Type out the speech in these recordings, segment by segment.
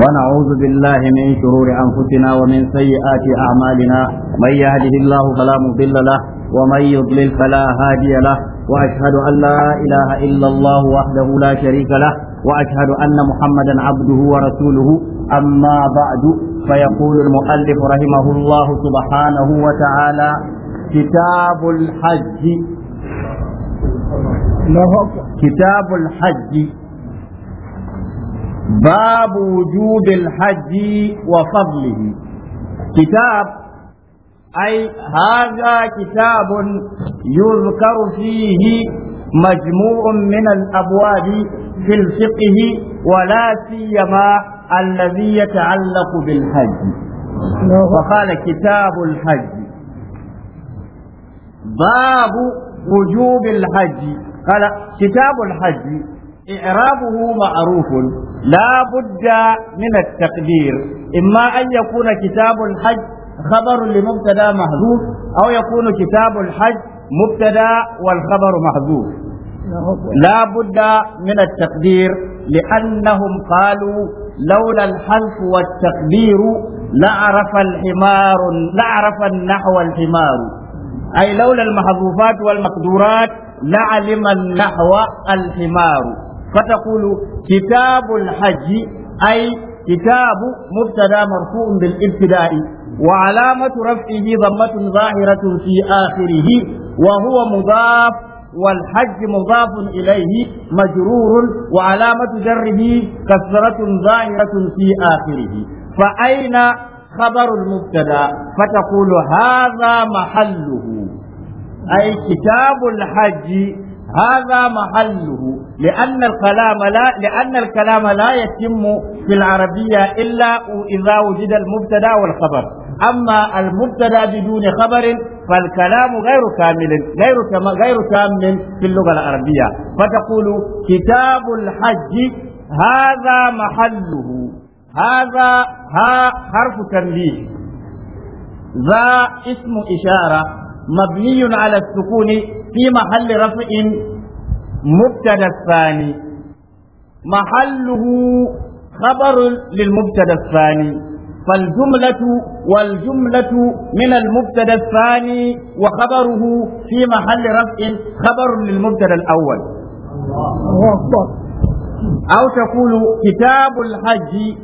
ونعوذ بالله من شرور أنفسنا ومن سيئات أعمالنا من يهده الله فلا مضل له ومن يضلل فلا هادي له وأشهد أن لا إله إلا الله وحده لا شريك له وأشهد أن محمدا عبده ورسوله أما بعد فيقول المؤلف رحمه الله سبحانه وتعالى كتاب الحج كتاب الحج باب وجوب الحج وفضله كتاب أي هذا كتاب يذكر فيه مجموع من الأبواب في الفقه ولا سيما الذي يتعلق بالحج وقال كتاب الحج باب وجوب الحج قال كتاب الحج إعرابه معروف لا بد من التقدير إما أن يكون كتاب الحج خبر لمبتدا محذوف أو يكون كتاب الحج مبتدا والخبر محذوف لا بد من التقدير لأنهم قالوا لولا الحلف والتقدير لعرف الحمار لعرف النحو الحمار أي لولا المحذوفات والمقدورات لعلم النحو الحمار فتقول كتاب الحج أي كتاب مبتدا مرفوع بالابتداء وعلامة رفعه ضمة ظاهرة في آخره وهو مضاف والحج مضاف إليه مجرور وعلامة جره كسرة ظاهرة في آخره فأين خبر المبتدا فتقول هذا محله أي كتاب الحج هذا محله لأن الكلام لا لأن الكلام لا يتم في العربية إلا إذا وجد المبتدأ والخبر أما المبتدأ بدون خبر فالكلام غير كامل غير غير كامل في اللغة العربية فتقول كتاب الحج هذا محله هذا ها حرف تنبيه ذا اسم إشارة مبني على السكون في محل رفع مبتدا الثاني محله خبر للمبتدا الثاني فالجملة والجملة من المبتدا الثاني وخبره في محل رفع خبر للمبتدا الأول أو تقول كتاب الحج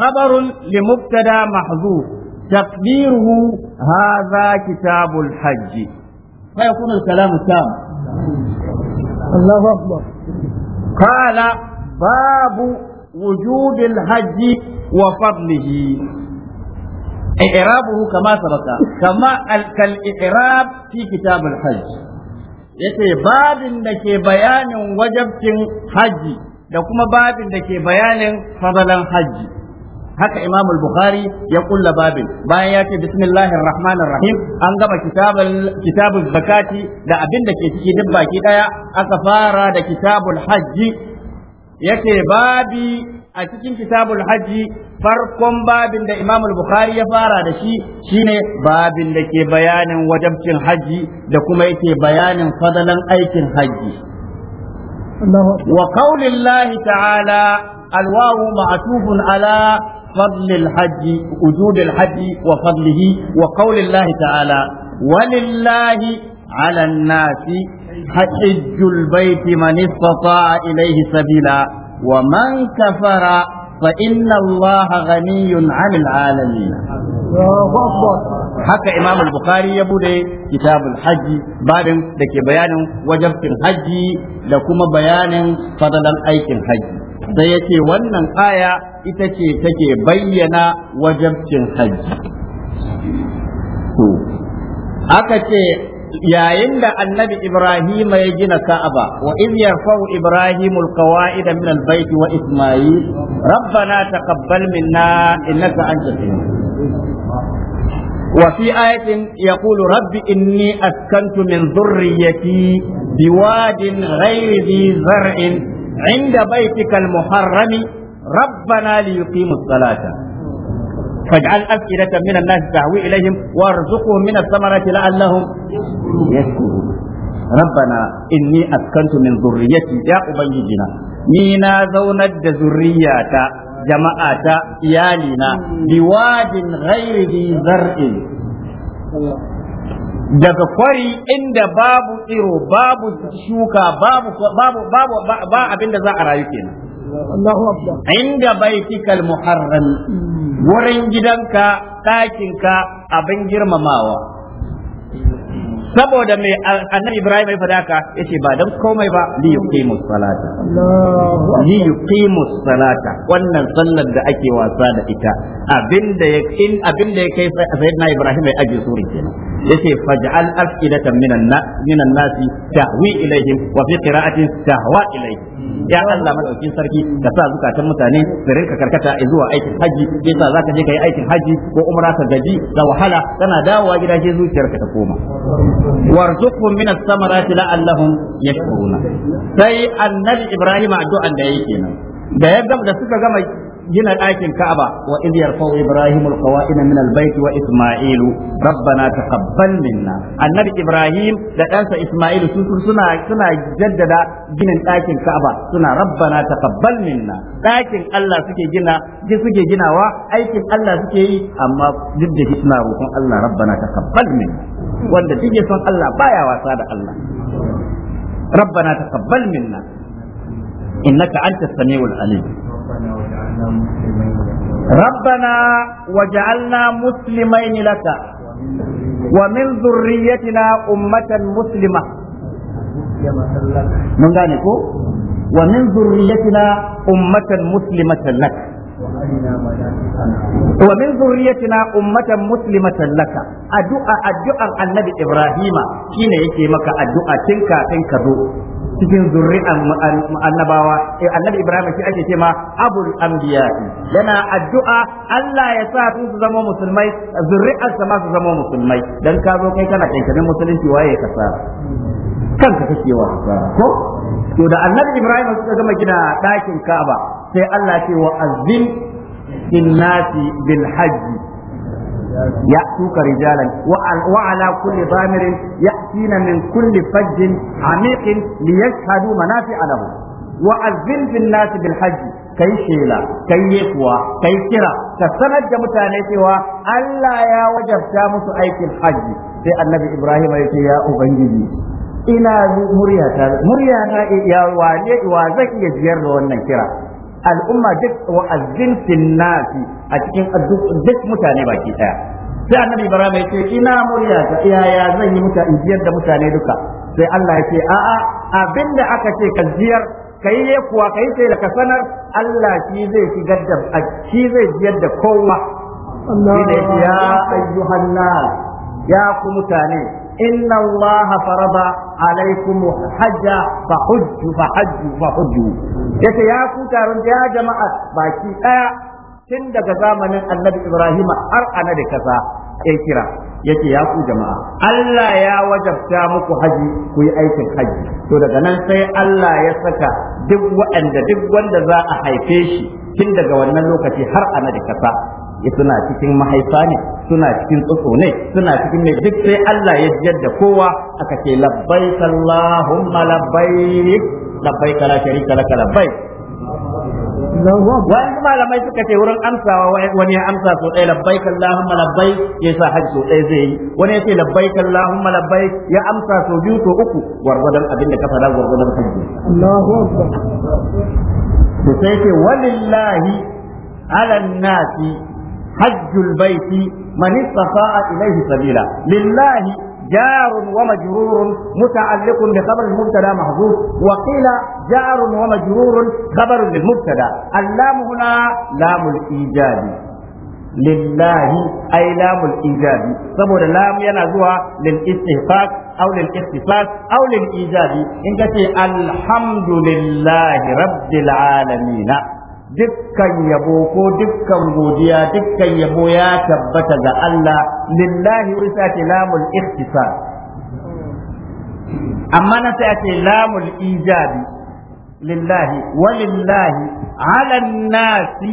خبر لمبتدا محذوف تقديره هذا كتاب الحج فيكون الكلام تام الله أكبر قال باب وجوب الحج وفضله إعرابه كما سبق كما كالإعراب في كتاب الحج yace babin da ke bayanin wajabcin haji da kuma babin da ke bayanin fadalan haji haka Imam al-Bukhari ya kulla babin bayan ya ce bismillahir rahmanir rahim an gama kitabul kitabuz zakati da abin da ke ciki duk baki daya aka fara da kitabul hajji yace babi a cikin kitabul hajji farkon babin da Imam al-Bukhari ya fara da shi shine babin da ke bayanin wajabcin hajji da kuma yake bayanin fadalan aikin hajji. wa qaulillahi ta'ala alwahu ma'tufun ala فضل الحج وجود الحج وفضله وقول الله تعالى ولله على الناس حج البيت من استطاع إليه سبيلا ومن كفر فإن الله غني عن العالمين haka imam al-bukhari ya bude kitabul hajji babin da ke bayanin wajabcin hajji da kuma bayanin fadalan aikin hajji sai yake wannan aya ita ce take bayyana wajabcin hajji aka ce yayin da annabi Ibrahim ya gina Ka'aba wa in yarfa'u Ibrahim alqawaida min albayt wa Isma'il rabbana taqabbal minna innaka antas وفي آية يقول رب إني أسكنت من ذريتي بواد غير ذي زرع عند بيتك المحرم ربنا ليقيموا الصلاة فاجعل أفئدة من الناس تهوي إليهم وارزقهم من الثمرات لعلهم يشكرون ربنا إني أسكنت من ذريتي يا أبيجنا نينا زونت ذريتا جماعة إيالنا بواد غير ذي زرع daga kwari inda babu tsiro babu shuka babu babu babu ba abin da za a rayu kenan Allahu akbar inda baitikal muharram wurin gidanka ɗakinka abin girmamawa saboda mai annabi Ibrahim ya fada ka yace ba dan komai ba li yuqimu salata li yuqimu salata wannan sallar da ake wasa da ita abinda ya in abinda ya kai sayyidina Ibrahim ya aje surin kenan yace faj'al afidatan minan minan nasi tahwi ilaihim wa fi qira'atin tahwa ilaihim ya Allah madaukin sarki ka sa zukatan mutane su rinka karkata zuwa aikin haji yasa zaka je kai aikin haji ko umra ka gaji da wahala kana dawowa gida ke zuciyarka ta koma warzuqhum min as-samarati la'allahum yashkuruna sai annabi ibrahim addu'an da yake nan da ya da suka gama gina ɗakin Ka'aba wa idh yarfa'u Ibrahimul qawa'ina min al-bayt wa Isma'il rabbana taqabbal minna annabi Ibrahim da ɗansa Isma'il su suna suna jaddada ginin ɗakin Ka'aba suna rabbana taqabbal minna ɗakin Allah suke gina suke ginawa aikin Allah suke yi amma duk da suna roƙon Allah rabbana taqabbal minna wanda duk son Allah baya wasa da Allah rabbana taqabbal minna innaka anta samiul alim Rabba na waje al'na musulmai ni na ta, wa min zurriyeti na ummatan musulma ta wa min zurriyeti ummatan musulma ta naka, addu'a annabi ibrahima shine yake maka addu'a cin kafin zo cikin zurri'an annabawa eh annabi Ibrahim shi ake cewa abul anbiya yana addu'a Allah ya sa su su zama musulmai zurri'ar sa su zama musulmai dan ka zo kai kana kankanin musulunci waye ka sa kanka kake wa ko to da annabi Ibrahim suka gama gina dakin Ka'aba sai Allah ya ce wa azim innati bil hajji يأتوك رجالا وعلى كل ضامر يأتين من كل فج عميق ليشهدوا منافع لهم وأذن في الناس بالحج kai shela kai yekuwa kai kira ka sanar da mutane cewa Allah ya wajabta musu aikin hajji sai annabi Ibrahim ya ce ya ubangiji ina muryata muryata ya wane iya jiyar da wannan kira al'umma duk wa azzin nasi a cikin duk mutane baki daya sai annabi ibrahim ya ce ina murya ta yaya zan yi mutane jiyar da mutane duka sai Allah ya ce a'a abinda aka ce ka jiyar kai ne kuwa kai sai da ka sanar Allah shi zai shigar da shi zai jiyar da kowa Allah ya ayyuhan nas ya ku mutane إن الله فرض عليكم حج فحج فحج فحج yace ya ku taron ya jama'a baki daya tun daga zamanin annabi Ibrahim har ana da kasa ya kira yace ya ku jama'a Allah ya wajabta muku haji ku yi aikin haji to daga nan sai Allah ya saka duk waɗanda duk wanda za a haife shi tun daga wannan lokaci har ana da kasa suna cikin mahaifa ne suna cikin tsotso ne suna cikin mai duk sai Allah ya jiyar da kowa aka ce labbaik Allahumma labbaik labbaik la sharika laka labbaik wa'in malamai suka ce wurin amsawa wani ya amsa so ɗaya labbaik Allahumma labbaik ya sa hajji so ɗaya zai yi wani ya ce labbaik Allahumma labbaik ya amsa so biyu so uku gwargwadon abin da ka faɗa gwargwadon hajji Allahu akbar to sai ce walillahi ala nasi حج البيت من استطاع إليه سبيلا لله جار ومجرور متعلق بخبر المبتدا محذوف وقيل جار ومجرور خبر للمبتدا اللام هنا لام الايجاب لله اي لام الايجاب سبب لام yana zuwa للاستحقاق او للاختصاص او للايجاب ان الحمد لله رب العالمين dukkan yabo ko dukkan godiya dukkan yabo ya tabbata ga Allah lillahi wa ce lamul ikhtisar amma na sai lamul ijabi lillahi halan ala nasi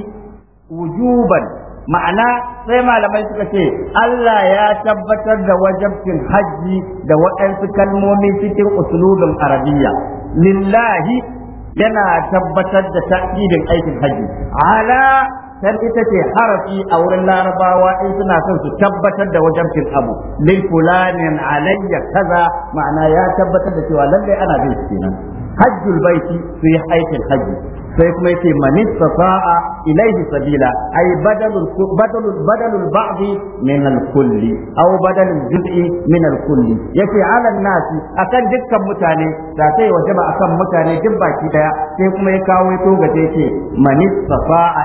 wujuban ma'ana sai malamai suka ce Allah ya tabbatar da wajabcin hajji da waɗansu kalmomi cikin usulubin arabiya lillahi yana tabbatar da ta'idin aikin haji ala kan ita ce harafi a wurin larabawa in suna son su tabbatar da wajen fil abu lil fulanin alayya kaza ma'ana ya tabbatar da cewa lallai ana bin kenan hajjul baiti su yi aikin hajji sai kuma yace man istata'a ilayhi sabila ay badalul badalul badalul ba'di min al-kulli aw badalul juz'i min al-kulli yace ala nasi akan dukkan mutane da sai wajaba akan mutane duk baki daya sai kuma ya kawo ya toga ce yace man istata'a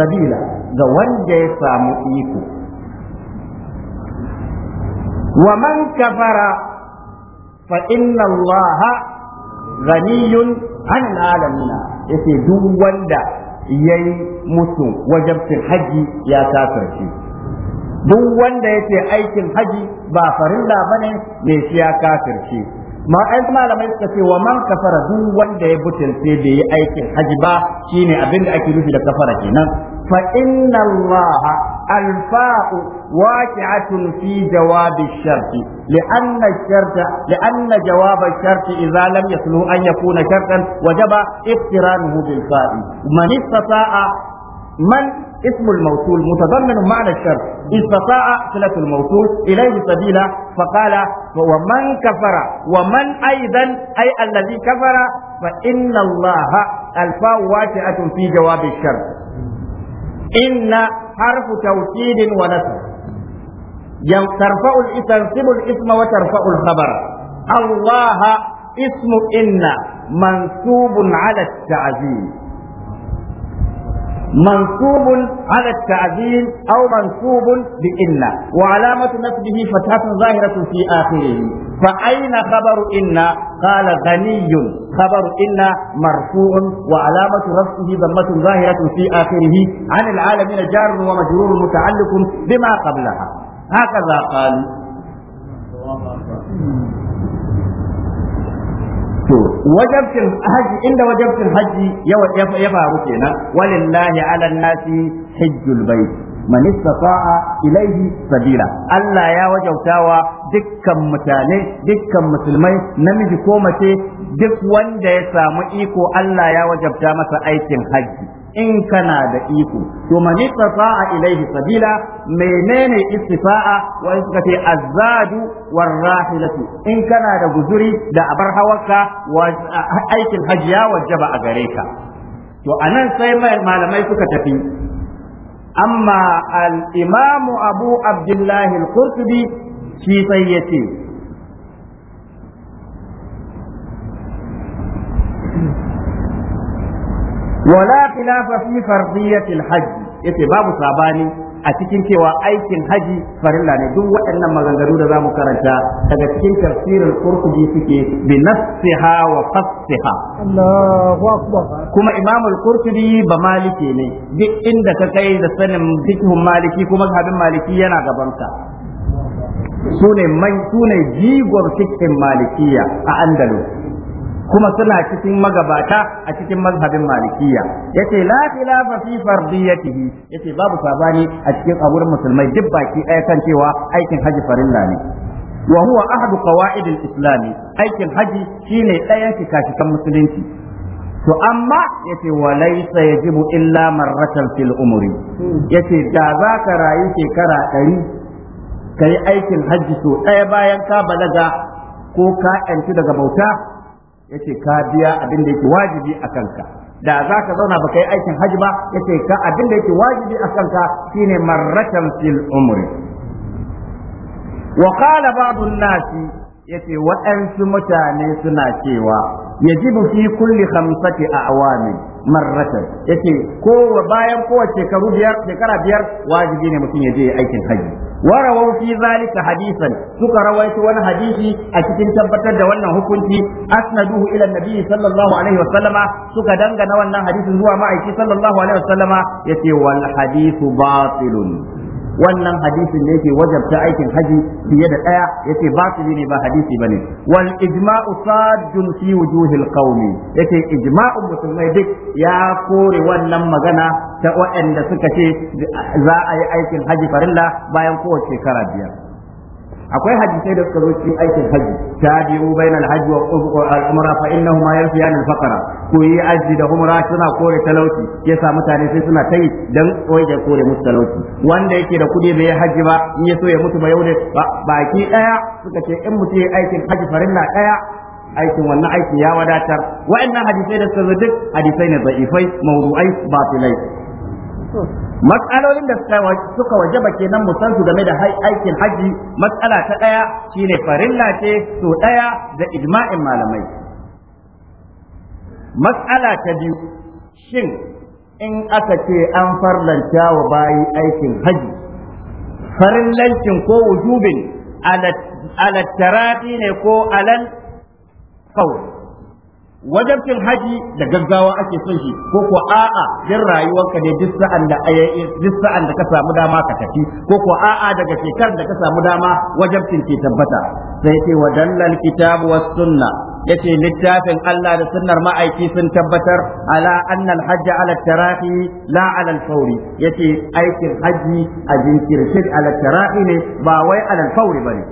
sabila ga wanda ya samu iko wa man kafara fa inna allaha Raniyun an alamina ce duk wanda ya yi musu wajabcin haji ya shi. duk wanda yake aikin haji ba da ba ne shi ya shi. ma ai malamai suka ce wa man kafara duk wanda ya butulce da yi aikin haji ba shine abin da ake nufi da kafara kenan fa inna allaha alfa'u واقعة في جواب الشرط لأن الشرط لأن جواب الشرط إذا لم يصله أن يكون شرطا وجب اقترانه بالفاء من استطاع من اسم الموصول متضمن معنى الشر استطاع صلة الموصول إليه سبيلا فقال ومن كفر ومن أيضا أي الذي كفر فإن الله الفاء واسعة في جواب الشر إن حرف توكيد ونسب ترفع تنصب الاسم وترفع الخبر الله اسم إن منصوب على التعزيز منصوب على التعديل أو منصوب بإن وعلامة نسبه فتحة ظاهرة في آخره فأين خبر إن قال غني خبر إن مرفوع وعلامة رفعه ضمة ظاهرة في آخره عن العالمين جار ومجرور متعلق بما قبلها haka za qalu wajabcin haji inda wajabcin haji ya faru kenan walillahi ala nasi hajjul bait man istata'a ilayhi sabila Allah ya wajabtawa dukkan mutane dukkan musulmai namiji ko mace duk wanda ya samu iko Allah ya wajabta masa aikin haji in kana da iko to man istata'a ilaihi sabila menene istifa'a wa in suka ce azzadu war in kana da guzuri da abar hawarka wa aikin hajiya wajaba a gare ka to anan sai malamai suka tafi amma al-imam abu abdullahi al-qurtubi shi sai yace wala khilafa fi fardiyatil hajj yace babu sabani a cikin cewa aikin haji farilla ne duk waɗannan maganganu da za mu karanta daga cikin tafsirin qurtubi suke bi nafsiha wa kuma imam al-qurtubi ba maliki ne duk inda ka kai da sanin fiqhun maliki kuma habin maliki yana gaban ka sune man jigon fiqhin malikiya a andalus kuma suna cikin magabata a cikin mazhabin malikiya yace la khilafa fi fardiyatihi yace babu sabani a cikin abur musulmai duk baki ɗaya kan cewa aikin haji farilla ne wa huwa ahadu qawaid al-islam aikin haji shine ɗayan shikashikan musulunci to amma yace wa laysa yajibu illa marratan fil umri yace da za ka rayu shekara ɗari ka yi aikin hajji to ɗaya bayan ka balaga ko ka yanci daga bauta yace ka biya abin da yake wajibi a kanka da za ka zauna ba kai aikin hajji ba yace ka abin da yake wajibi a kanka shine marratan fil umri wa qala ba'd an-nasi yace waɗansu mutane suna cewa yajibu fi kulli khamsati awamin marratan yace ko bayan kowace shekaru biyar shekara biyar wajibi ne mutum ya je aikin haji wa rawaw fi hadisan suka rawaito wani hadisi a cikin tabbatar da wannan hukunci asnaduhu ila nabi sallallahu alaihi wasallama suka dangana wannan hadisin zuwa ma'aiki sallallahu alaihi wasallama yace wal hadithu batilun wannan hadisin ne yake wajabta aikin haji fiye da daya yace ba su ne ba hadisi bane wal ijma'u saddun fi wujuhil qawmi yace ijma'un musulmai duk ya kore wannan magana ta waɗanda suka ce za a yi aikin haji farilla bayan kowace shekara biyar akwai hadisai da suka zo cikin aikin haji tabi'u bainal hajji wa umra fa innahuma yanfiyan al-faqra ko yi aji da umra suna kore talauci yasa mutane sai suna yi dan ya kore musu talauci wanda yake da kudi bai haji ba in ya so ya mutu ba yau ba baki daya suka ce in mutu ya aikin haji farin na daya aikin wannan aikin ya wadatar wa'annan hadisai da sirri duk hadisai ne da'ifai mawdu'ai filai. matsalolin da suka waje wajaba kenan mu san su game da aikin haji matsala ta daya shine farilla ce to daya da ijma'in malamai Matsala ta biyu shin in aka ce an farlanta wa bayi aikin haji farillancin ko wujubin alattarati ne ko alal kawai wajabcin haji da gaggawa ake son shi ko ko a'a din rayuwarka ne duk sa'an da duk sa'an da ka samu dama ka tafi ko ko a'a daga shekarar da ka samu dama wajabcin ke tabbata sai ce wa dallal kitabu was sunna yace littafin Allah da sunnar ma'aiki sun tabbatar ala anna al-hajj ala tarahi la ala al yace aikin hajji a jinkirce ala tarahi ne ba wai ala al-fawri bane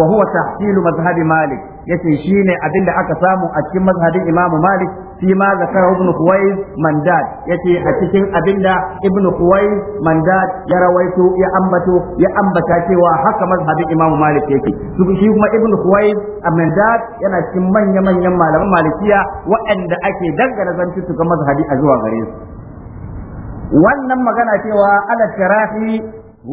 wa huwa tahsilu madhhabi malik yace shine abinda aka samu a cikin mazhabin imamu malik shi ma zakar ibn Huwais Mandad yace a cikin abinda ibn Huwais Mandad ya rawaito ya ambato ya ambata cewa haka mazhabin Imam Malik yake shi kuma ibn a Mandad yana cikin manya manyan malaman Malikiya waɗanda ake dangana zanci su ga mazhabi a zuwa gare su wannan magana cewa ala sharafi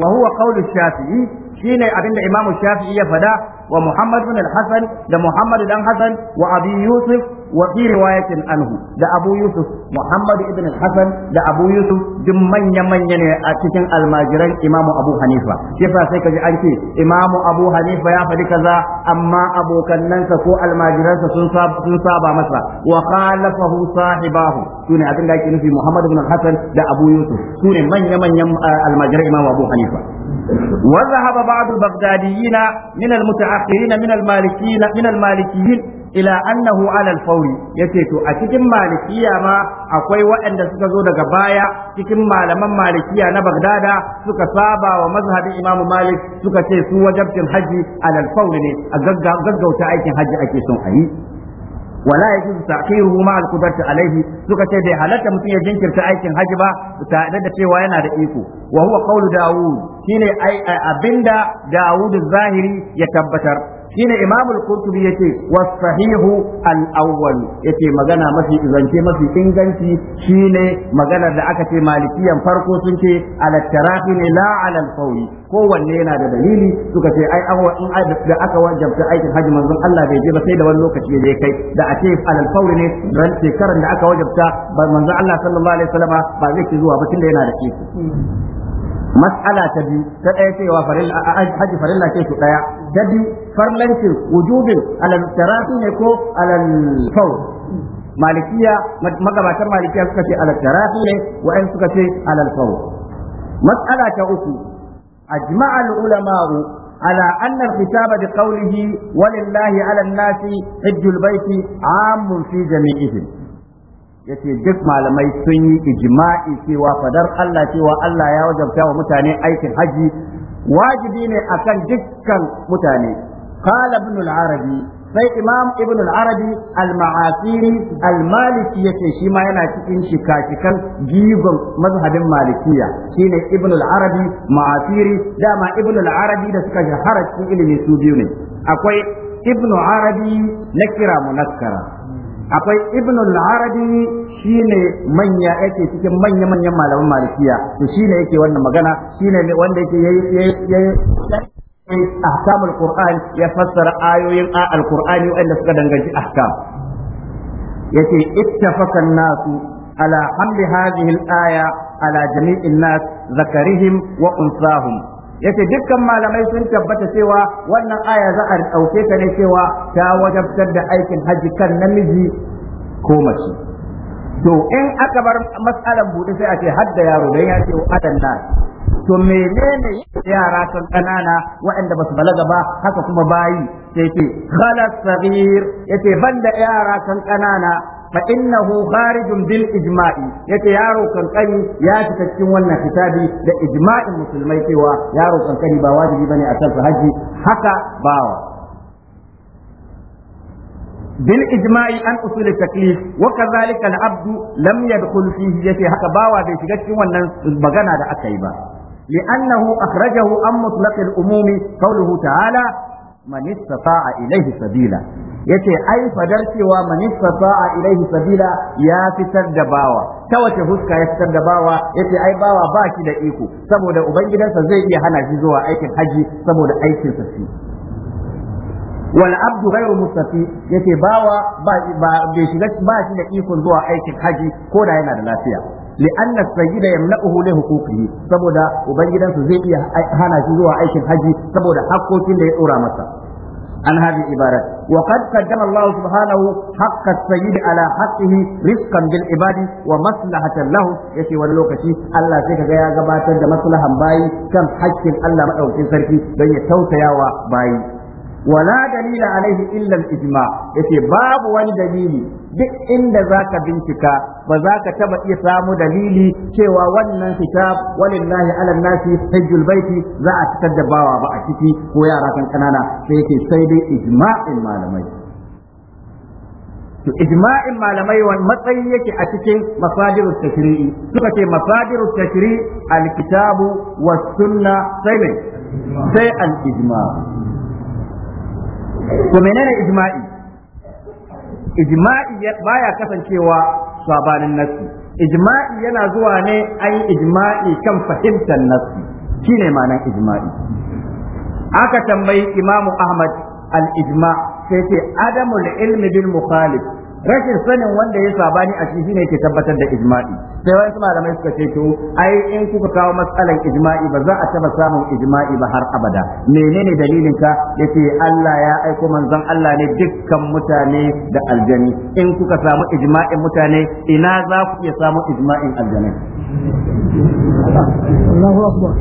wa huwa ash shafi'i shine abinda Imam Shafi'i ya fada wa Muhammad bin al-Hasan da Muhammad dan Hasan wa Abi Yusuf wa fi riwayatin anhu da Abu Yusuf Muhammad ibn al-Hasan da Abu Yusuf duk manya manya ne a cikin almajiran Imam Abu Hanifa yasa sai kaji an ce Imam Abu Hanifa ya faɗi kaza amma abokannansa ko almajiransa sun sun saba masa wa khalafahu sahibahu sune abin da ake nufi Muhammad ibn al-Hasan da Abu Yusuf sune manya manyan eh, almajiran Imam Abu Hanifa Warra Hababatu Bagdadiyyi na minar mutu'a'a Kirina minar malakiyin ila Annahu Alalfauni, ya ce to a cikin malakiya ma akwai wa'inda suka zo daga baya cikin malaman malikiya na Bagdada suka sabawa mazhabin Imam-malam suka ce su wajabcin haji alalfauni ne a gaggauta aikin haji ake son a Wala ya ce su ta'aikai ruhuma al'ukutarta a laifi, suka ce dai halarta mutum ya jinkirta aikin haji ba su ta'adda da cewa yana da iko, wahua Kaule dawud shine abinda Dawud zahiri ya tabbatar shine Imam al-Qurtubi yace was sahihu al-awwal yace magana mafi zance mafi inganci shine maganar da aka ce malikiyan farko sun ce ala tarahi ne la ala al-fawi kowanne yana da dalili suka ce ai awa in da aka wajabta aikin haji manzon Allah bai je ba sai da wani lokaci ne kai da a ce ala al ne ran shekaran da aka wajabta manzon Allah sallallahu alaihi wasallama ba zai ci zuwa ba tunda yana da kifi mas'ala ta biyu ta ɗaya cewa haji farilla ce su ɗaya ta biyu farlancin wujubin alal ne ko alal fawr malikiya magabatan malikiya suka ce alal tarafi ne wa'in suka ce alal fawr mas'ala ta uku ajma'a ulama'u على أن الكتاب بقوله ولله على الناس حج البيت عام في جميعهم yace duk malamai sun yi ijma'i cewa fadar Allah cewa Allah ya wajabta wa mutane aikin haji wajibi ne akan dukkan mutane qala ibn al-arabi sai imam ibn al-arabi al-ma'asiri al-maliki yace shi ma yana cikin shikakikan gigon mazhabin malikiya shine ibn al-arabi ma'asiri dama ibn al-arabi da suka shahara cikin ilimi su biyu ne akwai ibn arabi nakira munakkara akwai ibn al-arabi shine manya yake cikin manya manyan malaman malikiya to shine yake wannan magana shine ne wanda yake yayi al qur'an ya fassara ayoyin al quran wanda suka danganci ahkam yake ittafaqa an-nasu ala hamli hadhihi al-aya ala jami'in nas zakarihim wa unsahum yace dukkan malamai sun tabbata cewa wannan aya za a dauke ta ne cewa ta wajabtar da aikin hajji kan namiji ko mace to in aka bar matsalar buɗe sai a ce hadda yaro dan ya ce adan to menene yara sun kanana waɗanda basu balaga ba haka kuma bayi sai ce khalas sagir yace banda yara sun kanana fa innahu kharijun bil ijma'i yace yaro kankani ya fita cikin wannan kitabi da ijma'in musulmai cewa yaro kankani ba wajibi bane a kansa haka bawa بالإجماع عن أصول التكليف وكذلك العبد لم يدخل فيه يتي bawa باوا shiga شغتي wannan magana da aka yi ba لأنه أخرجه عن مطلق الأموم قوله تعالى man istata'a ilaihi sabila yace ai fadar cewa man istata'a ilaihi sabila ya fitar da bawa ta wace huska ya fitar da bawa yace ai bawa ba da iko saboda ubangidansa zai iya hana shi zuwa aikin haji saboda aikin sa shi wal abdu ghayru mustafi yace bawa ba ba shi da ikon zuwa aikin haji ko da yana da lafiya li'anna sayyida yamna'uhu li huquqihi saboda ubangidansu zai iya hana shi zuwa aikin haji saboda hakkokin da ya dora masa عن هذه العبارة وقد قدم الله سبحانه حق السيد على حقه رزقا بالعباد ومصلحة له يتي ولوكشي الله سيكا يا جماعة مصلحة باي كم حق الله مدعو في سركي بين توتيا وباي wala dalila alaihi illa ijma yace babu wani dalili duk inda zaka bincika ba za ka taba iya samu dalili cewa wannan kitab walillahi ala nasi hajjul baiti za a fitar da bawa ba a ciki ko yara kan kanana sai yake sai dai ijma'in malamai to ijma'in malamai wani matsayi yake a cikin masadiru tashri'i suka ce masadiru tashri'i alkitabu was sunna sai sai al ijma' to menene ijma'i ijma'i baya kasancewa sabanin nassi ijma'i yana zuwa ne ai ijma'i kan fahimtar nassi shine ma'anar ijma'i aka tambayi imamu ahmad al-ijma sai ce adamul ilmi bil mukhalif rashin sanin wanda ya sabani a shi shine ke tabbatar da ijma'i sai wasu malamai suka ce to ai in kuka kawo matsalar ijma'i ba za a taba samun ijma'i ba har abada menene dalilin ka yace Allah ya aiko manzon Allah ne dukkan mutane da aljani in kuka samu ijma'in mutane ina za ku iya samu ijma'in aljani Allahu akbar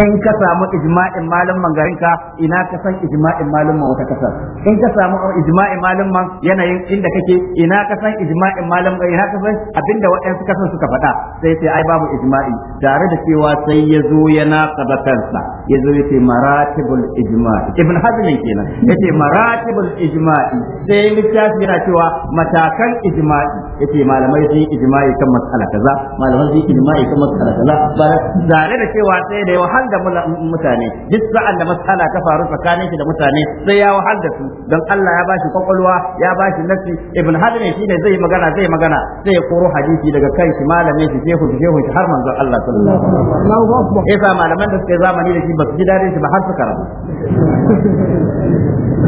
in ka samu ijma'in malaman garin ka ina ka san ijma'in malin wata kasa? in ka samu ijma'in malaman yanayin inda kake ina ka san ijma'in malin ina ka san abinda waɗansu kasan suka faɗa sai sai ai babu ijma'i tare da cewa sai ya zo ya naƙaba kansa ya zo yace maratibul ijma'i ibn hazm kenan yace maratibul ijma'i sai littafi yana cewa matakan ijma'i yace malamai sun ijma'i kan mas'ala kaza malamai sun ijma'i kan mas'ala kaza ba tare da cewa sai da yawa wahal da mutane duk sa'an da matsala ta faru tsakanin shi da mutane sai ya wahal da su don Allah ya bashi kwakwalwa ya bashi nafsi ibn hajar shi ne zai magana zai magana sai ya koro hadisi daga kai shi malamin shi shehu shi shehu shi har manzon Allah sallallahu alaihi wasallam yasa malaman da suke zamani da shi ba su ji dadin shi ba har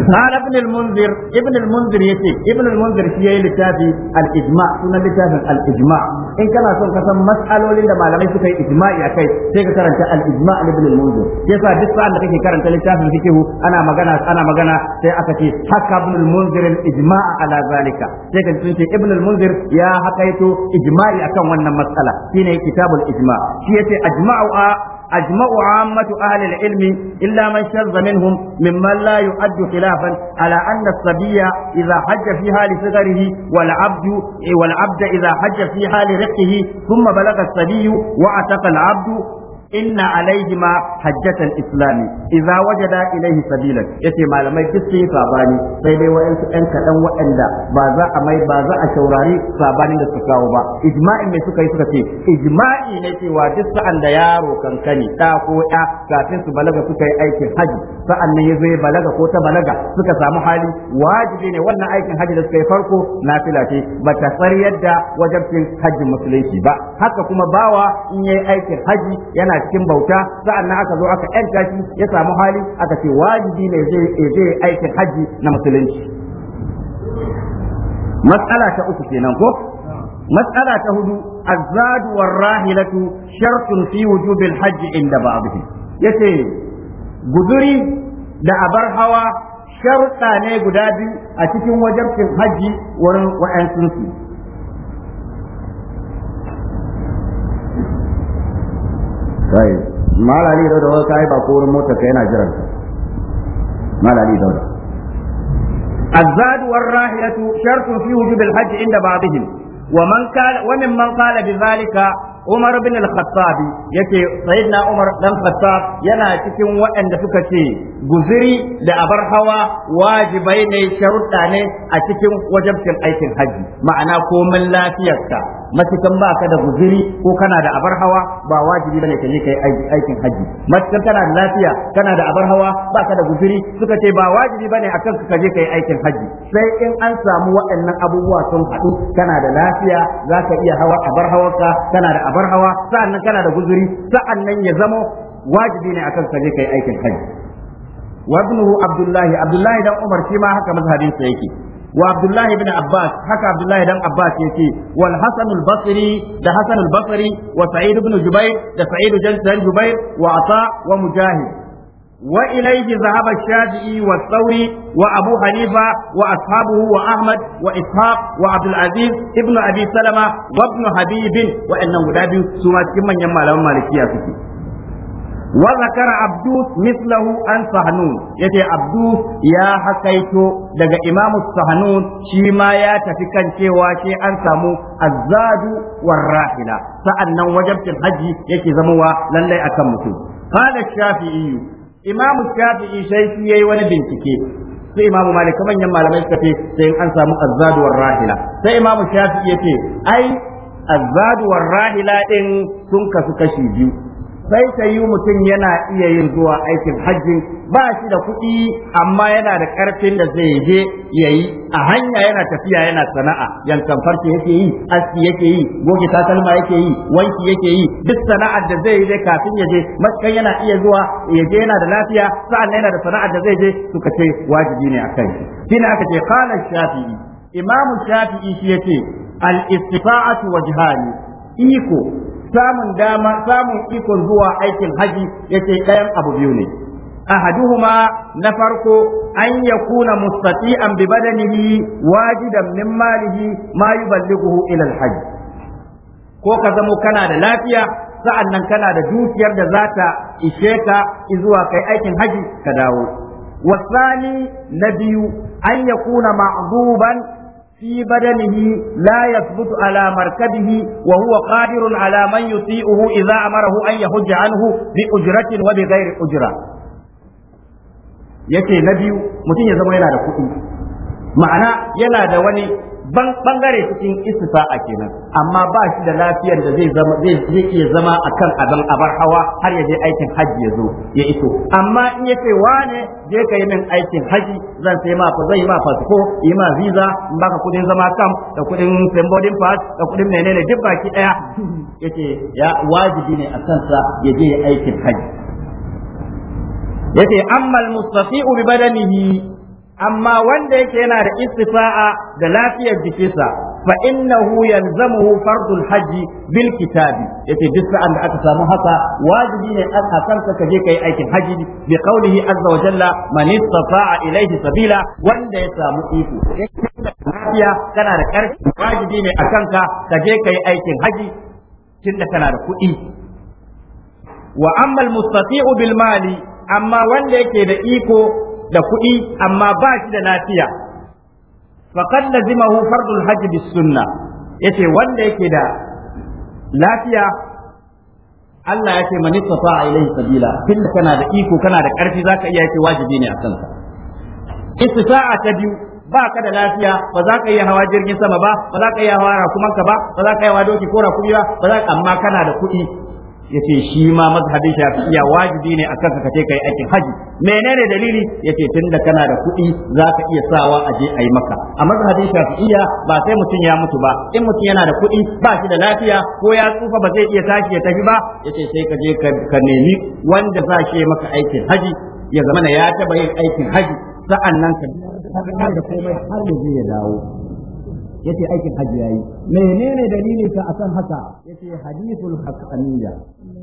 قال ابن المنذر ابن المنذر ابن المنذر في لتافي سنة لتافي in kana son ka san mas'alolin da malamai suka yi ijma'i kai sai ka karanta al-ijma' ibn al-munzir yasa duk sa'an da kake karanta littafin fiqh ana magana ana magana sai aka ce haka ibn al-munzir al-ijma' ala zalika sai ka tunce ibn al-munzir ya hakaito ijma'i akan wannan mas'ala shine kitabul ijma' shi yace ajma'u أجمع عامة أهل العلم إلا من شذ منهم ممن لا يؤد خلافا على أن الصبي إذا حج في حال صغره والعبد والعبد إذا حج في حال رقه ثم بلغ الصبي وعتق العبد inna alaihima hajjatan islami idza wajada ilaihi sabilan yace malamai duk sun yi sabani sai dai wayansu ɗan kaɗan waɗanda ba za a mai ba za a shaurari sabanin da suka kawo ba ijma'in mai suka yi suka ce ijma'i ne cewa duk sa'an da yaro kankani ɗa ko ɗa kafin su balaga suka yi aikin haji sa'an nan ya zo ya balaga ko ta balaga suka samu hali wajibi ne wannan aikin haji da suka yi farko Na filace ba ta tsar yadda wajabcin hajjin musulunci ba haka kuma bawa in yayi aikin haji yana cikin bauta nan aka zo aka yanta shi ya samu hali aka ce wajibi ne zai je aikin haji na musulunci Matsala ta uku kenan ko Matsala ta hudu azzadu war rahilatu shartun fi wujubil hajji inda ba'dihim yace guduri da abar hawa sharuɗa ne guda biyu a cikin wajabcin haji wurin wa'ansu sai malali da da kai ba ko mota kai yana jiran malali da da الزاد والراحلة شرط في وجوب الحج عند بعضهم ومن قال قال بذلك عمر بن الخطاب يتي سيدنا عمر بن الخطاب ينا cikin waɗanda suka ce guziri da abar hawa wajibai ne sharuɗa ne a cikin wajibcin aikin haji ma'ana komai lafiyarka matukan ba ka da guziri ko kana da abar hawa ba wajibi bane ka je kai aikin haji matukan kana da lafiya kana da abar hawa ba ka da guzuri suka ce ba wajibi bane akan ka kaje kai aikin haji sai in an samu waɗannan abubuwa sun haɗu kana da lafiya za ka iya hawa abar ka. kana da abar hawa sa'annan kana da guzuri sa'annan ya zama wajibi ne akan ka je kai aikin haji وابنه Abdullahi الله عبد الله بن عمر فيما هكا مذهبين سيكي wa Abdullahi ibn Abbas haka Abdullahi dan Abbas yake wal Hasan Basri da Hasan al Basri wa Sa'idu ibn Jubair da Sa'id ibn Jubair wa Ata wa Mujahid وإليه ذهب الشافعي والثوري وأبو حنيفة وأصحابه وأحمد وإسحاق وعبد العزيز ابن أبي سلمة وابن حبيب وإنه دابي سمات كما يمال مالكية فيه wa zakara abdus mislahu an sahnun yace abdus ya hakaito daga imam sahnun shi ma ya tafi kan cewa shi an samu azzadu war rahila sa'annan wajibin hajji yake zamowa lallai akan mutum qala shafi'i imam shafi'i sai yayi wani bincike sai imamu malik manyan malamai suka sai an samu azzadu war rahila sai imamu shafi yace ai azzadu war rahila din sun kasu kashi biyu sai ta yi mutum yana iya yin zuwa aikin hajji ba shi da kuɗi amma yana da ƙarfin da zai je ya yi a hanya yana tafiya yana sana'a yankan farce yake yi aski yake yi goge takalma yake yi wanki yake yi duk sana'ar da zai je kafin ya je maskan yana iya zuwa ya je yana da lafiya sa'an yana da sana'ar da zai je suka ce wajibi ne akan shi ne aka ce qala shafi'i imamu shafi'i shi yace al-istifa'atu wajhani iko samun dama samun ikon zuwa aikin haji yake ɗayan abu biyu ne ahaduhuma na farko an yakuna mustati'an bi badanihi wajidan min malihi ma yuballighu ila alhajj ko ka zamo kana da lafiya sa'an nan kana da dukiyar da za ta ishe ka zuwa kai aikin haji ka dawo wasani na biyu an yakuna ma'zuban في بدنه لا يثبت على مركبه وهو قادر على من يطيعه إذا أمره أن يحج عنه بأجرة وبغير أجرة yace na biyu mutum ya zama yana da kuɗi ma'ana yana da wani bangare cikin istifa'a kenan amma ba shi da lafiyar da zai zama zai yake zama akan azan abar hawa har ya aikin haji ya zo ya iso amma in ya ce wane je ka yi min aikin haji zan sai ma zai ma fasfo yi ma visa in baka kudin zama kam da kudin sembodin pass da kudin menene duk baki daya yace ya wajibi ne a kansa ya je aikin haji yace amma al-mustafi'u bi badanihi amma wanda yake yana da istifa'a da lafiyar jikinsa fa innahu yalzamuhu fardul hajji bil kitabi yace duk sa'an da aka samu haka wajibi ne a akan ka je kai aikin haji bi qawlihi azza wa jalla man istata'a ilayhi sabila wanda ya samu iko lafiya kana da karfi wajibi ne akan ka ka je kai aikin haji tunda kana da kuɗi wa amma al mustati'u bil mali amma wanda yake da iko da kuɗi amma ba shi da lafiya faqad lazimahu fardul hajj bis sunna yace wanda yake da lafiya Allah ya ce mani safa sabila tun kana da iko kana da ƙarfi zaka iya yake wajibi ne a kanka istisa'a ta biyu ba ka da lafiya ba za ka iya hawa jirgin sama ba ba za ka iya hawa rakumanka ba ba za ka iya hawa doki ko rakumi ba ba za amma kana da kuɗi yace shi ma mazhabin shafi'iyya wajibi ne akan ka kace kai aikin haji menene dalili yace tunda kana da kuɗi zaka iya sawa a je ayi maka a mazhabin shafi'iyya ba sai mutum ya mutu ba in mutum yana da kuɗi ba shi da lafiya ko ya tsufa ba zai iya tashi ya tafi ba yace sai ka je ka nemi wanda za shi maka aikin haji ya zamana ya taba yin aikin haji sa'annan ka da komai har ya dawo yace aikin hajji yayi menene dalilin ka akan haka yace hadithul hasaniyya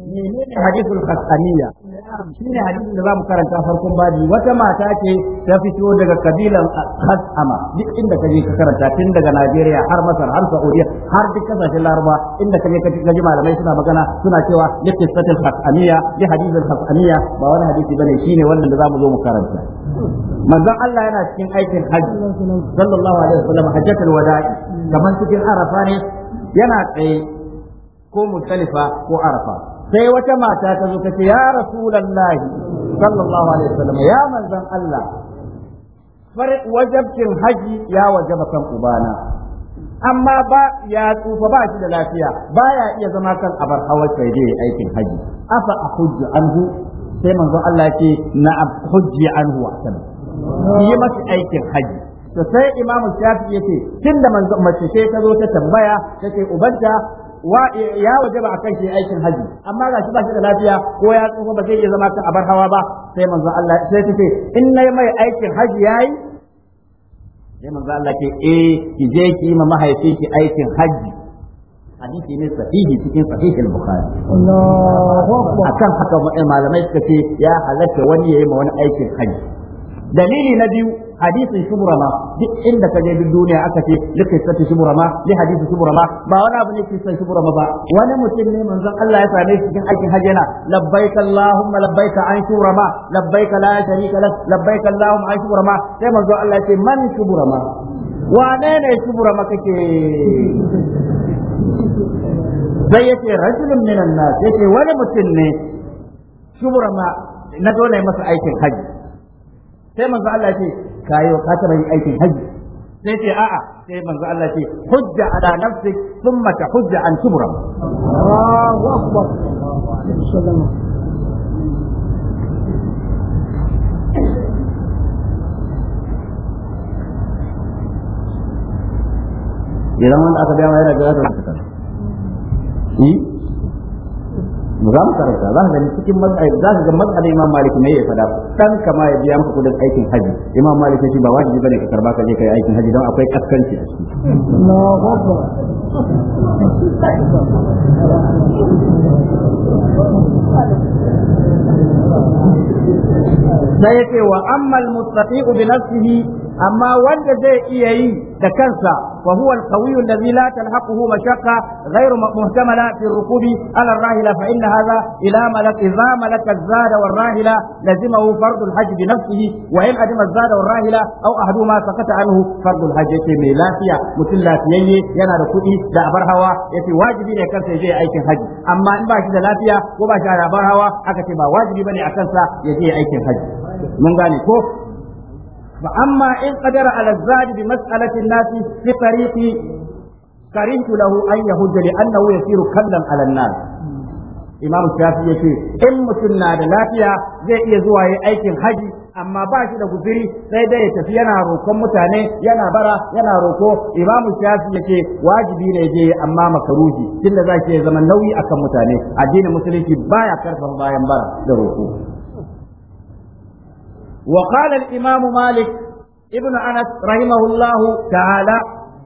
menene hadithul hasaniyya shine hadisin da zamu karanta farkon babi wata mata ce ta fito daga kabilan Khasama duk inda kaje ka karanta tun daga Najeriya har Masar har Saudiya har duk kasashen Laraba inda kaje ka ji malamai suna magana suna cewa liqisatul hasaniyya li hadithul hasaniyya ba wani hadisi bane shine wannan da zamu zo mu karanta manzon Allah yana cikin aikin hajji sallallahu alaihi wasallam hajjatul wada'i ne kamar cikin arafa ne yana tsaye ko musalifa ko arafa sai wata mata ta zo ta ce ya rasulullahi sallallahu alaihi wasallam ya manzon Allah wajabcin haji ya wajaba kan ubana amma ba ya tsufa ba shi da lafiya baya iya zama kan abar hawa sai dai aikin haji afa ahujju anhu sai manzon Allah ce na ahujji anhu wa sallam yi masa aikin haji to sai imamu shafi yace tunda manzo mace ce ta zo ta tambaya ce ubanta wa ya waje wajaba akan shi aikin haji amma ga shi ba shi da lafiya ko ya tsufa ba zai iya zama kan abar hawa ba sai manzo Allah sai ta ce in nayi mai aikin haji yayi sai manzo Allah ce eh ki je ki yi ma mahaifinki aikin haji hadisi ne sahihi cikin sahih al-bukhari Allahu akbar akan haka malamai suka ce ya halatta wani yayi ma wani aikin haji dalili na biyu hadisin shubura ma duk inda ka je duk duniya aka ce likai sati shubura ma li hadisin shubura ma ba wani abu ne ke san shubura ma ba wani mutum ne manzon Allah ya same shi cikin aikin hajji yana labbaika allahumma labbaika an shubura ma labbaika la sharika lak labbaika allahumma an shubura ma sai manzon Allah ya ce man shubura ma wane ne shubura ma kake sai yace rajulun minan nas yace wani mutum ne shubura ma na dole masa aikin hajji sai manzo Allah ya ce kayo ka taba yin aikin haji sai ce a'a sai manzo Allah ce hujja ala nafsi thumma ta hujja an tubra Allahu akbar idan wanda aka biya yana ga zata za mu karanta za ka gani cikin matsayi za ka ga matsalar imam malik ne ya fada dan kama ya biya maka kudin aikin haji imam malik shi ba wajibi bane ka karba ka je kai aikin haji don akwai kaskanci a ciki sai yake wa ammal mustati'u bi nafsihi amma wanda zai iya yi da kansa wa huwa al-qawiyyu alladhi la talhaquhu mashaqqa ghayru muhtamala fi ar-rukubi ala ar-rahila fa inna hadha ila malak az-zada war-rahila lazimahu fardu fardul hajj bi nafsihi wa in adima az-zada war-rahila aw ahduma ma anhu fardul al-hajj yake mai lafiya mutum lafiyayye yana da kuɗi da abar hawa yace wajibi ne kansa je aikin haji amma in ba shi da lafiya ko ba shi da abar hawa aka ce ba wajibi bane a kansa ya je aikin haji mun gane ko فأما إن قدر على الزاد بمسألة الناس في طريق كرهت له أن يهج لأنه يسير كلا على الناس Imam Shafi ce, In mutum na da lafiya zai iya zuwa yi aikin haji, amma ba shi da guziri sai dai ya tafi yana roƙon mutane, yana bara, yana roƙo. Imam Shafi ya ce, Wajibi ne je amma makaruji, tunda za ya zama nauyi akan mutane, addinin musulunci baya karfan bayan bara da roƙo. وقال الإمام مالك ابن أنس رحمه الله تعالى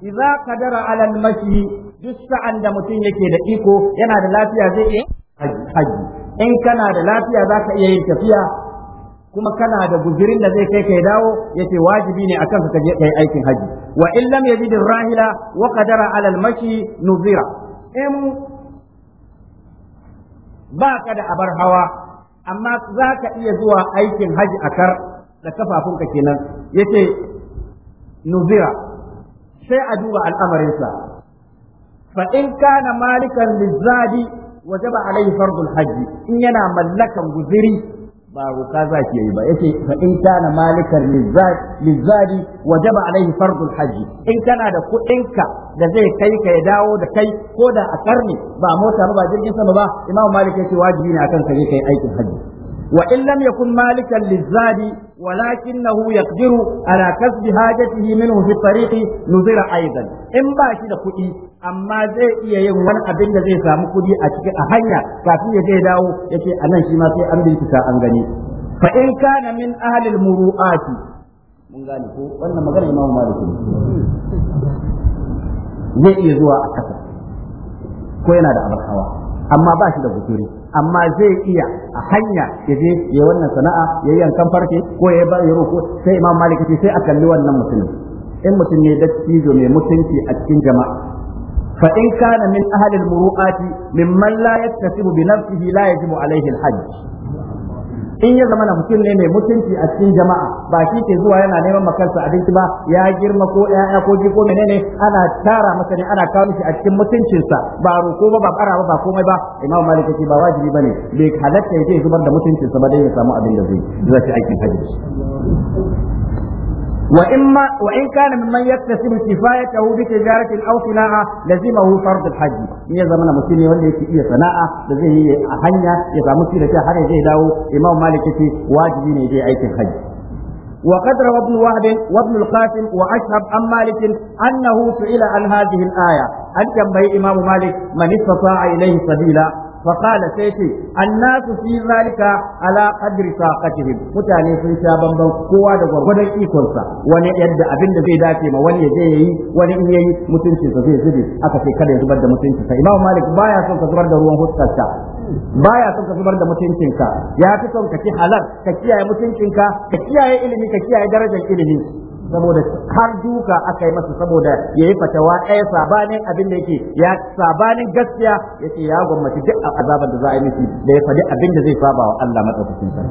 إذا قدر على المشي جس عند متين يكي دقيقو ينا دلاتيا زي حج إن كان دلاتيا ذاك إيه كفيا kuma kana da guzirin da zai kai kai dawo yace wajibi ne akan ka je kai aikin haji wa in lam yajid rahila wa qadara ala nuzira in ba ka da bar hawa amma za ka iya zuwa aikin haji a kar da kafafunka kenan yace nuzira sai a duba al'amarinsa fa in kana malikan lizadi wajaba alaihi fardul hajji in yana mallakan guziri ba roka za ki yi ba yace fa in kana malikar lizadi wajaba alaihi fardul hajji in kana da kuɗinka da zai kai ka ya dawo da kai ko da a karni ba mota ba jirgin sama ba imamu malik yace wajibi ne akan ka je kai aikin hajji وإن لم يكن مالكا للزاد ولكنه يقدر على كسب حاجته منه في الطريق نذر أيضا إن باشي da kuɗi amma zai iya yin wani abin da zai samu kuɗi a cikin a hanya kafin ya je dawo yace anan shi ma sai an bincika an gani fa in kana min ahli muruati mun gane ko wannan magana Imam Malik zai iya zuwa a ko yana da abar hawa amma ba shi da amma zai iya a hanya ya je ya wannan sana'a ya yi yankan farce ko ya bar ya roko sai imam malik ce sai a kalli wannan mutumin in mutum ne dattijo mai mutunci a cikin jama'a fa in kana min ahlil al-muru'ati mimman la yaktasibu bi nafsihi la yajibu alaihi al-hajj in ya zama na mutum ne mai mutunci a cikin jama'a ba shi ke zuwa yana neman makansa abinci ba ya girma ko ƴaƴa ko jiko menene ana tara masa ne ana kawo shi a cikin mutuncinsa ba roko ba ba ba ba komai ba imam malik ce ba wajibi bane bai halatta ya je zubar da mutuncinsa ba dai ya samu abin da zai zai aikin hajji وإما وإن كان ممن يكتسب كفايته بتجارة أو صناعة لزمه فرض الحج من زمن مسلم ولا يكفي صناعة زي حنيا إذا مسلم حاجة زي داو إمام مالك في واجبين يجي أيك الحج وقد روى ابن وهب وابن القاسم واشهب عن مالك انه سئل عن هذه الايه ان تنبئ امام مالك من استطاع اليه سبيلا فقال سيتي الناس في ذلك على قدر طاقتهم Mutane sun sha bamban kowa da gwargwadon ikonsa wani yadda abin da zai dace ma wani ya je yayi wani in yayi zai zube aka ce kada ya zubar da mutuncin sa Imam Malik baya son ka zubar da ruwan huskar sa baya son ka zubar da mutuncin ya fi son ka ci halal ka kiyaye mutuncin ka ka kiyaye ilimi ka kiyaye darajar ilimi saboda har duka aka yi masa saboda ya yi fatawa ɗaya sabanin abin da yake ya sabanin gaskiya ya ce ya gwammaci duk azaban da za a yi miki da ya faɗi abin da zai saba wa Allah maɗaukakin sa.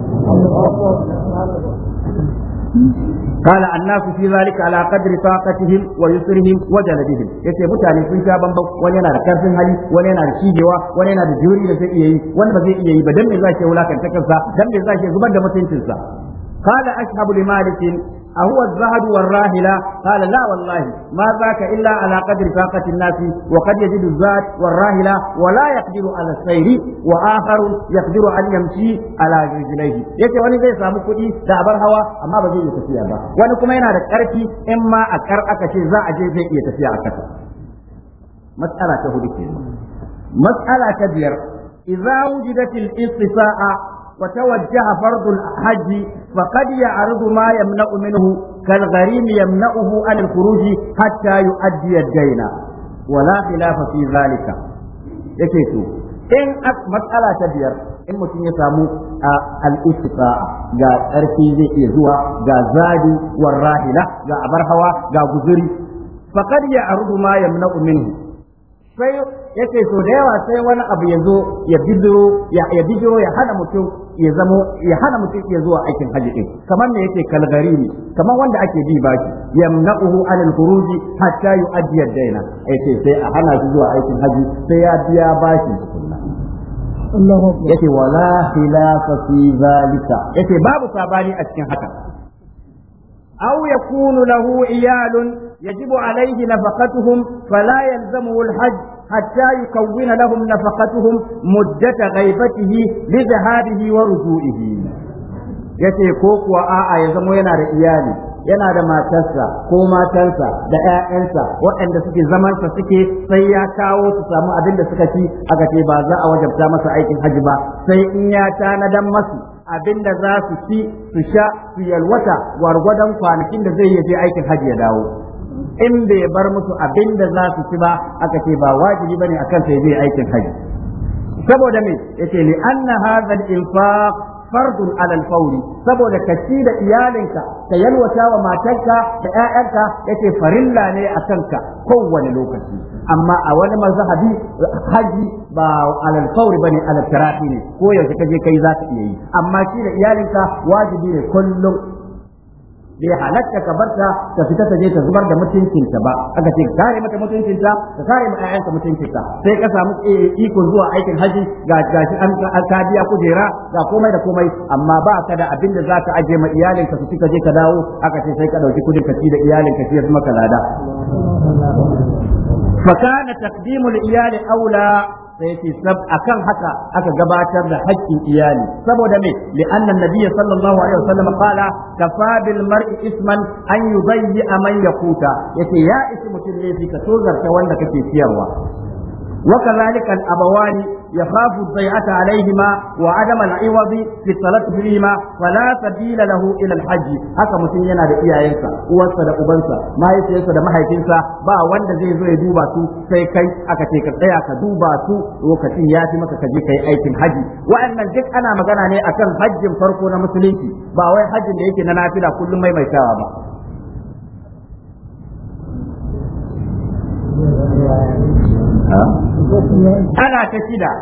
قال الناس في ذلك على قدر طاقتهم ويسرهم وجلدهم yace mutane sun sha bamban wani yana da karfin hali wani yana da cigewa wani yana da juri da zai iya yi wani ba zai iya yi ba dan me zai wulakanta kansa dan me zai zubar da mutuncinsa قال أشهب لمالك أهو الزهد والراهلة قال لا والله ما ذاك إلا على قدر فاقة الناس وقد يجد الزاد والراهلة ولا يقدر على السير وآخر يقدر أن يمشي على رجليه yake wani zai samu kuɗi da abar hawa amma ba zai iya tafiya ba wani kuma yana da ƙarfi in ma a kar aka ce za a je iya tafiya a matsala ta matsala ta biyar idza wujidatil istisaa'a وتوجه فرض الحج فقد يعرض ما يمنع منه كالغريم يمنعه عن الخروج حتى يؤدي الدين ولا خلاف في ذلك يكيتو إن مسألة تبير in mutum ya samu a al'istika ga ƙarfi zai iya zuwa ga zadi warrahila ga abar hawa ga guzuri faqad ya ardu ma yamna'u minhu sai yake so da yawa sai wani abu ya zo ya ya ya hana mutum ya zamo ya hana mutum iya zuwa aikin hajji din kamar me yake ne. kamar wanda ake bi baki yamna'uhu anil khuruji hatta yu'addi ad-dayna yace sai a hana shi zuwa aikin haji sai ya biya bashi tukunna yace wala khilafa fi zalika yace babu sabani a cikin haka aw yakunu lahu iyalun yajibu alayhi nafaqatuhum fala yalzamuhu al-hajj حتى يكون لهم نفقتهم مدة غيبته لذهابه ورجوعه yace ko kuwa a'a ya zamo yana da iyali yana da matarsa ko matansa da 'ya'yansa waɗanda suke zamansa suke sai ya kawo su samu abin da suka ci a ce ba za a wajabta masa aikin haji ba sai in ya tanadan masu abin da za su ci su sha su yalwata gwargwadon kwanakin da zai yi aikin haji ya dawo in bai bar musu abin da za su ci ba aka ce ba wajibi bane akan sai zai aikin haji saboda me yake li anna hadha al-infaq fardun ala al saboda ka ci da iyalinka ka yalwata wa matarka da ƴaƴanka yake farilla ne a kanka kowane lokaci amma a wani mazhabi haji ba ala al-fawri bane ala ne ko yanzu kaje kai za ka iya yi amma ci da iyalinka wajibi ne kullum bai halatta ka barta ta fita ta je ta zubar da mutuncinta ba aka ce kare mata mutuncinta ka kare ma ayyanka mutuncinta sai ka samu eh, iko zuwa aikin haji ga gashi an ka biya kujera ga komai da komai amma ba ka da abin da zaka aje ma ka su ka je ka dawo aka ce sai ka dauki kudin ka ci da ka sai kuma ka lada fakana taqdimul iyali aula sai yace sab akan haka aka gabatar da haƙƙin iyali saboda me li anna nabiyyi sallallahu alaihi wasallam qala kafa bil mar'i isman an yubayyi man yakuta yace ya isi mutum ne ka tozarta wanda kake ciyarwa wa kadhalika al abawani يخاف الضيعة عليهما وعدم العوض في الصلاة فيهما فلا سبيل له إلى الحج haka mutum yana da iyayensa uwansa da ubansa mahaifiyarsa da mahaifinsa ba wanda zai zo ya duba su sai kai aka ce ka tsaya ka duba su lokacin ya fi maka ka je kai aikin haji wa'annan duk ana magana ne akan hajjin farko na musulunci ba wai hajjin da yake na nafila kullum mai maimaitawa ba ana ta shida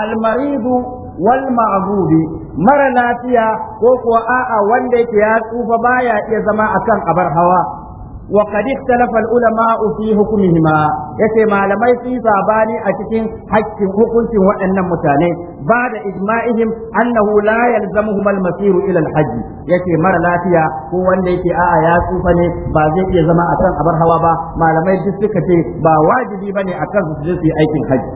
almaridu wal ma'budi mara lafiya ko kuwa a'a wanda yake ya tsufa baya iya zama akan abar hawa wa qad ikhtalafa al-ulama fi hukmihima yace malamai sun bani a cikin hakkin hukuncin waɗannan mutane ba da ijma'ihim annahu la yalzamuhum al-masir ila al-hajj yace mara lafiya ko wanda yake a'a ya tsufa ne ba zai iya zama akan abar hawa ba malamai duk suka ce ba wajibi bane akan su je su yi aikin hajji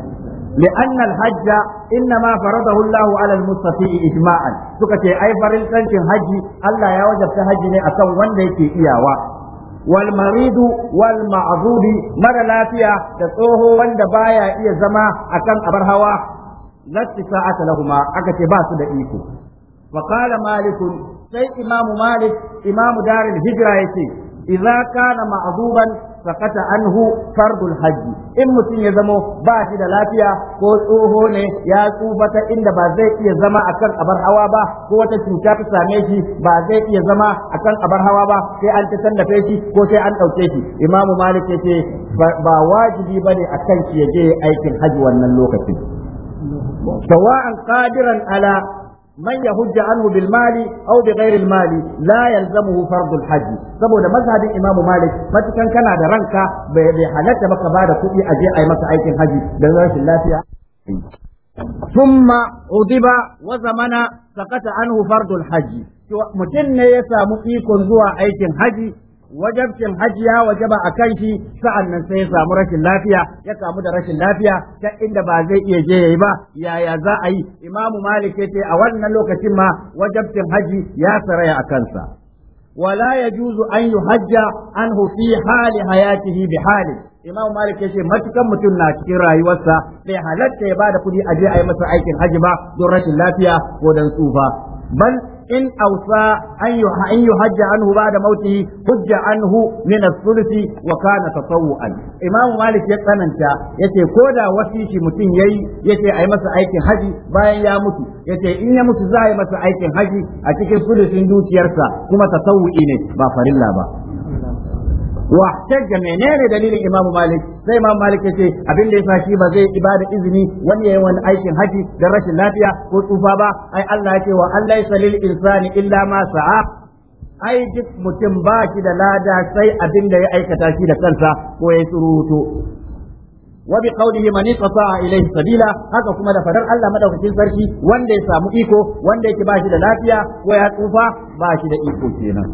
لأن الحج إنما فرضه الله على المستطيع إجماعا سكتي أي فريل تنشي حج ألا يوجد تهجني أكون wanda في iyawa. Walmaridu, maridu wal ma'zudi mara lafiya da tsoho wanda baya iya zama akan abar hawa latti sa'ata lahuma aka ce ba su da iko wa qala malik sai imamu malik imamu darul hijra yace idza kana ma'zuban sakata anhu fardul hajji in mutum ya zamo ba shi da lafiya ko tsoho ne ya tsufa ta inda ba zai iya zama akan abar hawa ba ko wata cuta ta same shi ba zai iya zama akan abar hawa ba sai an ta tallafe shi ko sai an ɗauke shi imamu malik yace ce ba wajibi bane akan shi ya je aikin hajji wannan lokacin sawa'an qadiran ala man hujja anhu bil mali aw bi ghairi mali la yalzamuhu fardu al hajj saboda mazhabin imam malik matukan kana da ranka bai halatta ba da kuɗi a je ayi masa aikin haji da rashin lafiya Summa, ثم wazamana, sakata, سقط عنه فرض الحج mutum ne ya samu ikon zuwa aikin haji wajabcin hajji ya waje ba a kan shi sa'an nan sai ya samu rashin lafiya ya kamu da rashin lafiya ta inda ba zai iya je yayi ba yaya za a yi imamu malik ya ce a wannan lokacin ma wajabcin hajji ya saraya a kansa wala ya juzu an hajja an fi hali hayatihi bi hali Imam Malik ya ce matukan mutum na cikin rayuwarsa bai halarta ya ba da kuɗi a je a yi masa aikin haji ba don rashin lafiya ko dan tsufa. Bal in awsa an yuha an ba da ba'da mautihi hujja anhu min na sulusi wa kana tatawuan imam malik ya tsananta yace ko da wasishi mutum yayi yace ayi masa aikin haji bayan ya mutu yace in ya mutu za a yi masa aikin haji a cikin sulusin dukiyarsa kuma tatawu'i ne ba farilla ba wa tajja ne dalilin imamu malik sai imamu malik ce abin da sa shi ba zai ibada izini wani yayin wani aikin haji da rashin lafiya ko tsufa ba ai Allah yake wa Allah yasalil insani illa ma sa'a ai duk mutum ba shi da lada sai abin da ya aikata shi da kansa ko ya surutu وبقوله من استطاع اليه sabila haka kuma da fadar Allah maɗaukacin sarki wanda ya samu iko wanda yake ba shi da lafiya ko ya tsufa ba shi da iko kenan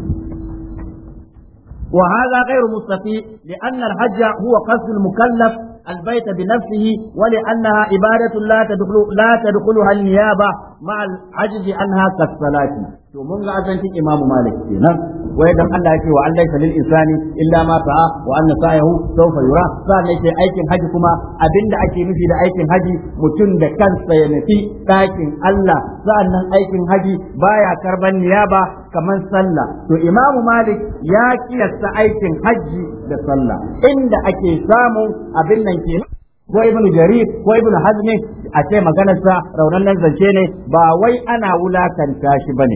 وهذا غير مستطيع لأن الحج هو قصد المكلف البيت بنفسه ولأنها عبادة لا تدخل لا تدخلها النيابة مع العجز عنها كالصلاة to mun ga asancin imamu malik kenan wai dan Allah yake wa Allah lil insani illa ma sa'a wa anna sa'ahu sawfa yura sai sai aikin haji kuma abinda ake nufi da aikin haji mutum da kansa ya nufi ɗakin Allah sa'annan aikin haji baya karban niyaba kamar sallah to imamu malik ya kiyasta aikin haji da sallah inda ake samu abin nan kenan ko ibn jarir ko ibn hazmi a ce maganarsa raunannen zance ne ba wai ana wulakanta shi bane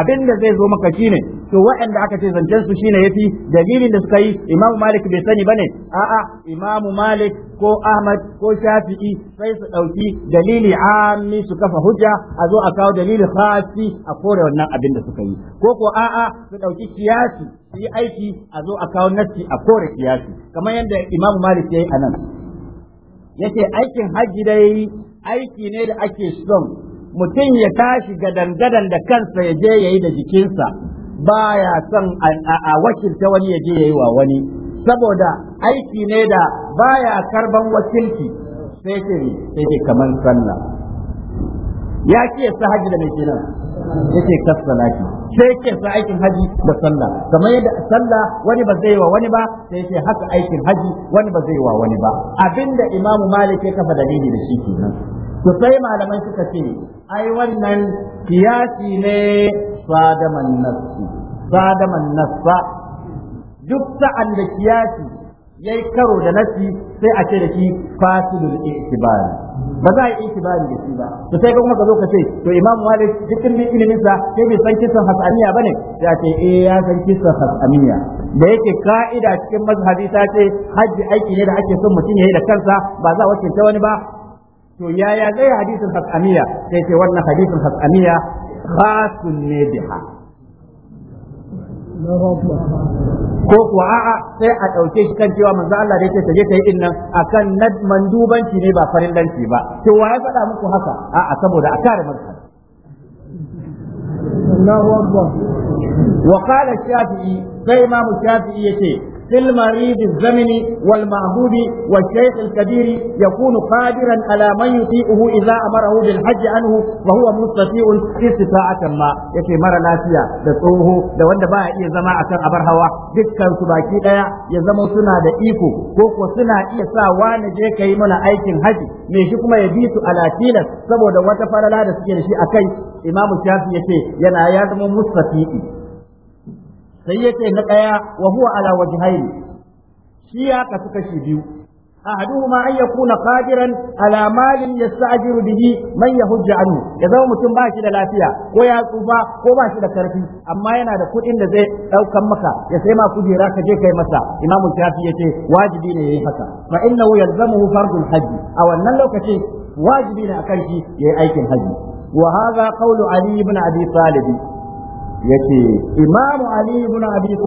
abin da zai zo maka shine to waɗanda aka ce zancen su shine yafi dalilin da suka yi imamu malik bai sani bane a'a imamu malik ko ahmad ko shafi'i sai su ɗauki dalili ammi su kafa hujja a zo a kawo dalili khasi a kore wannan abin da suka yi ko ko a'a su ɗauki kiyasi su yi aiki a zo a kawo nassi a kore kiyasi kamar yadda imamu malik ya yi a nan yace aikin hajji dai aiki ne da ake son mutum ya tashi ga dangadan da kansa ya je yayi da jikinsa baya son a wakilta wani ya je yayi wa wani saboda aiki ne da baya karban wakilci sai ce sai kamar sallah ya ce sa hajji da mai kenan yake kasalati sai yake sa aikin haji da sallah kamar yadda sallah wani ba zai wa wani ba sai yake haka aikin haji wani ba zai wa wani ba abinda imamu malik ya kafa dalili da shi kenan to sai malamai suka ce ai wannan kiyasi ne sadaman nafsi sadaman nafsa duk sa'an da kiyasi yayi karo da nasi sai a ce da shi fasilul i'tibari ba za a yi itibari da shi ba to sai kuma ka zo ka ce to imam malik dukkan bi ilimin sa sai bai san kisan hasaniya bane ya ce eh ya san kisan hasaniya da yake ka'ida cikin mazhabi ta ce haji aiki ne da ake son mutum ya yi da kansa ba za a ta wani ba to yaya zai hadisin hasaniya sai ce wannan hadisin hasaniya khasun ne biha ko kuwa a'a sai a ɗauke shi kan cewa manzo Allah da yake taje ta yi din nan akan nad mandubanci ne ba farillanci ba to wa ya faɗa muku haka a'a saboda a kare manzo Allahu Akbar wa qala shafi'i sai imamu shafi'i yace في المريض الزمن والمعهود والشيخ الكبير يكون قادرا على من يطيعه اذا امره بالحج عنه وهو مستطيع استطاعه ya يكي mara lafiya da tsoho da wanda ba iya zama a kan abar hawa dukkan baki ɗaya ya zama suna da iko ko ko suna iya sa wani je yi mana aikin haji me shi kuma ya bi su a saboda wata farala da suke da shi akai imamu shafi yace yana ya zama mustafi sai yace na daya wa ala ala wajhayn shi ya kasu kashi biyu ahaduhuma an yakuna qadiran ala malin yasta'jiru bihi man yahujja anhu ya zama mutum ba shi da lafiya ko ya tsufa ko ba shi da karfi amma yana da kuɗin da zai daukan maka ya sai ma kujera ka je kai masa imamu shafi yace wajibi ne yayi haka fa innahu yalzamuhu fardul hajji a wannan lokacin wajibi ne akan shi yayi aikin hajji wa hadha ali ibn abi talib yake imamu ali ibn abi